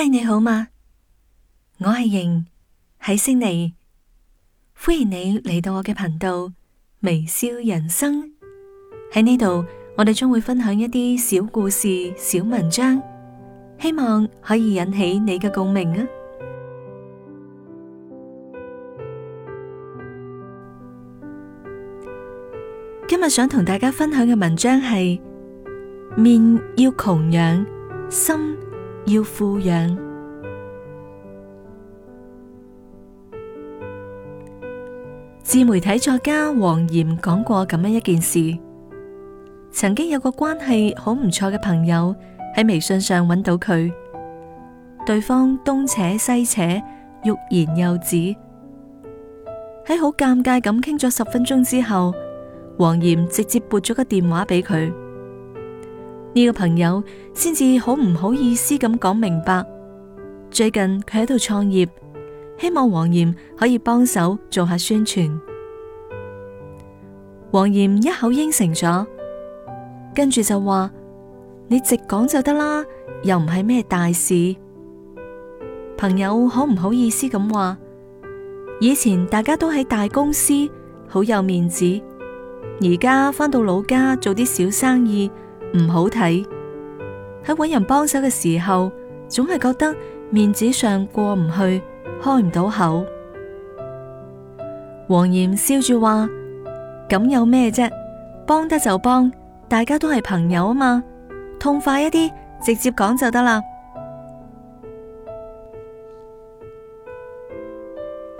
嗨，你好嗎？我係瑩，喺悉尼，歡迎你嚟到我嘅頻道微笑人生。喺呢度，我哋將會分享一啲小故事、小文章，希望可以引起你嘅共鳴啊！今日想同大家分享嘅文章係：面要窮養，心要富養。自媒體作家黃炎講過咁樣一件事：曾經有個關係好唔錯嘅朋友喺微信上揾到佢，對方東扯西扯，欲言又止，喺好尷尬咁傾咗十分鐘之後，黃炎直接撥咗個電話俾佢。呢個朋友先至好唔好意思咁講明白，最近佢喺度創業，希望黃炎可以幫手做下宣傳。黃炎一口應承咗，跟住就話：你直講就得啦，又唔係咩大事。朋友好唔好意思咁話，以前大家都喺大公司，好有面子，而家返到老家做啲小生意。唔好睇，喺搵人幫手嘅時候，總係覺得面子上過唔去，開唔到口。黃炎笑住話：咁有咩啫？幫得就幫，大家都係朋友啊嘛，痛快一啲，直接講就得啦。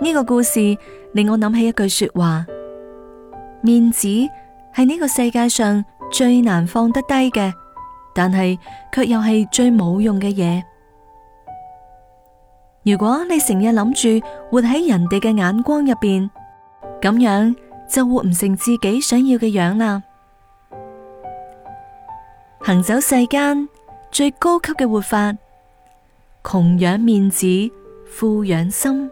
呢個故事令我諗起一句說話：面子係呢個世界上。最難放得低嘅，但係卻又係最冇用嘅嘢。如果你成日諗住活喺人哋嘅眼光入邊，咁樣就活唔成自己想要嘅樣啦。行走世間最高級嘅活法，窮養面子，富養心。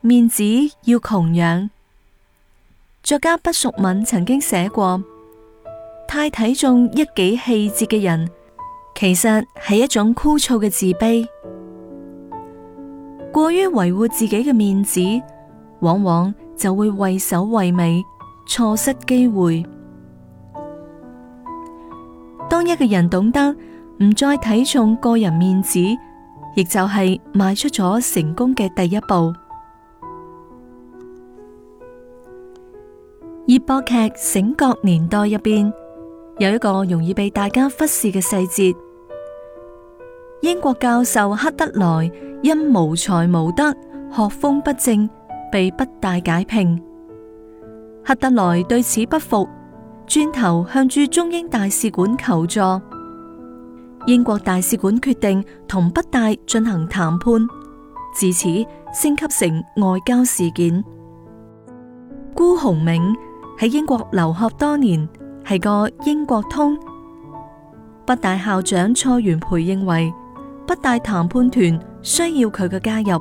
面子要窮養。作家畢淑敏曾經寫過：太睇重一己氣節嘅人，其實係一種枯燥嘅自卑。過於維護自己嘅面子，往往就會畏首畏尾，錯失機會。當一個人懂得唔再睇重個人面子，亦就係邁出咗成功嘅第一步。熱播劇《醒覺年代》入邊有一個容易被大家忽視嘅細節：英國教授克德萊因無才無德、學風不正，被北大解聘。克德萊對此不服，轉頭向駐中英大使館求助。英國大使館決定同北大進行談判，自此升級成外交事件。辜鴻銘。喺英國留學多年，係個英國通。北大校長蔡元培認為，北大談判團需要佢嘅加入。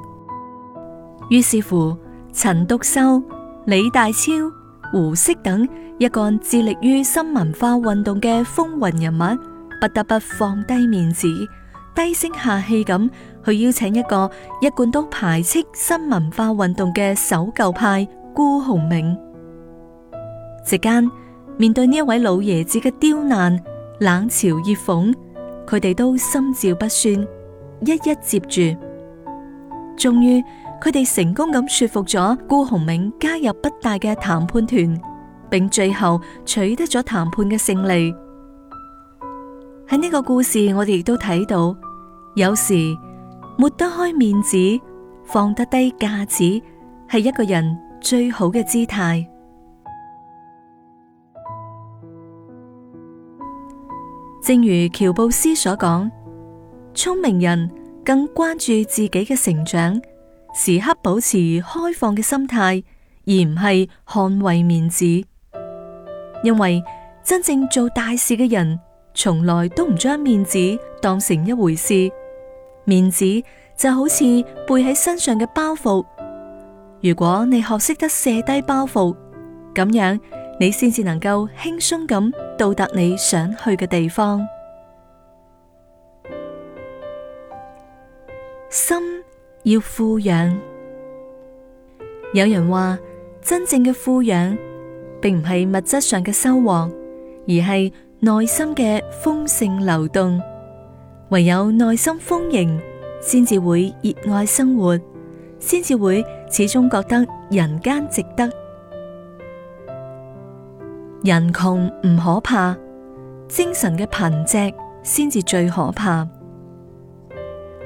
於是乎，陳獨秀、李大釗、胡適等一貫致力於新文化運動嘅風雲人物，不得不放低面子，低聲下氣咁去邀請一個一貫都排斥新文化運動嘅守舊派辜鴻銘。席間面對呢一位老爺子嘅刁難、冷嘲熱諷，佢哋都心照不宣，一一接住。終於，佢哋成功咁說服咗辜鴻銘加入北大嘅談判團，並最後取得咗談判嘅勝利。喺呢個故事，我哋亦都睇到，有時抹得開面子、放得低架子，係一個人最好嘅姿態。正如喬布斯所講，聰明人更關注自己嘅成長，時刻保持開放嘅心態，而唔係捍衛面子。因為真正做大事嘅人，從來都唔將面子當成一回事。面子就好似背喺身上嘅包袱，如果你學識得卸低包袱，咁樣。你先至能夠輕鬆咁到達你想去嘅地方。心要富養。有人話，真正嘅富養並唔係物質上嘅收穫，而係內心嘅豐盛流動。唯有內心豐盈，先至會熱愛生活，先至會始終覺得人間值得。人窮唔可怕，精神嘅貧瘠先至最可怕。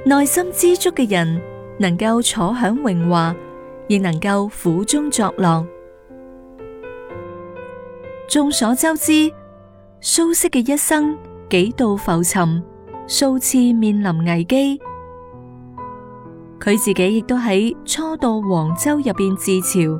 內心知足嘅人，能夠坐享榮華，亦能夠苦中作樂。眾所周知，蘇軾嘅一生幾度浮沉，數次面臨危機，佢自己亦都喺初到黃州入邊自嘲。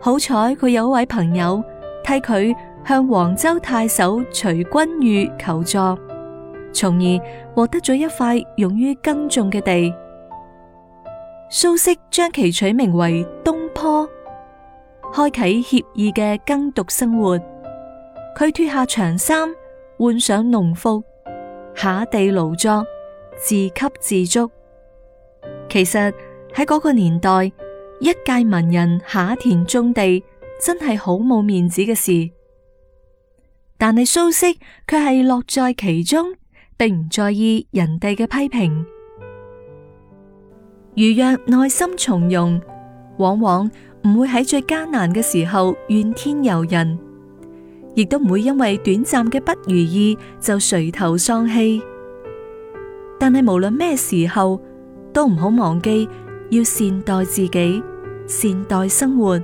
好彩佢有位朋友替佢向黃州太守徐君玉求助，從而獲得咗一塊用於耕種嘅地。蘇軾將其取名為東坡，開啟愜意嘅耕讀生活。佢脫下長衫，換上農服，下地勞作，自給自足。其實喺嗰個年代，一介文人下田種地，真係好冇面子嘅事。但係蘇軾卻係樂在其中，並唔在意人哋嘅批評。如若內心從容，往往唔會喺最艱難嘅時候怨天尤人，亦都唔會因為短暫嘅不如意就垂頭喪氣。但係無論咩時候，都唔好忘記。要善待自己，善待生活。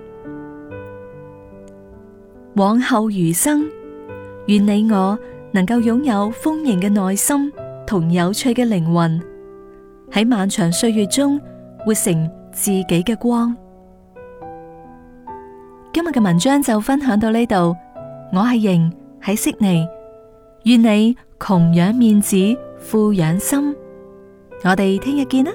往後餘生，願你我能夠擁有豐盈嘅內心同有趣嘅靈魂，喺漫長歲月中活成自己嘅光。今日嘅文章就分享到呢度，我係瑩，喺悉尼，願你窮養面子，富養心。我哋聽日見啦。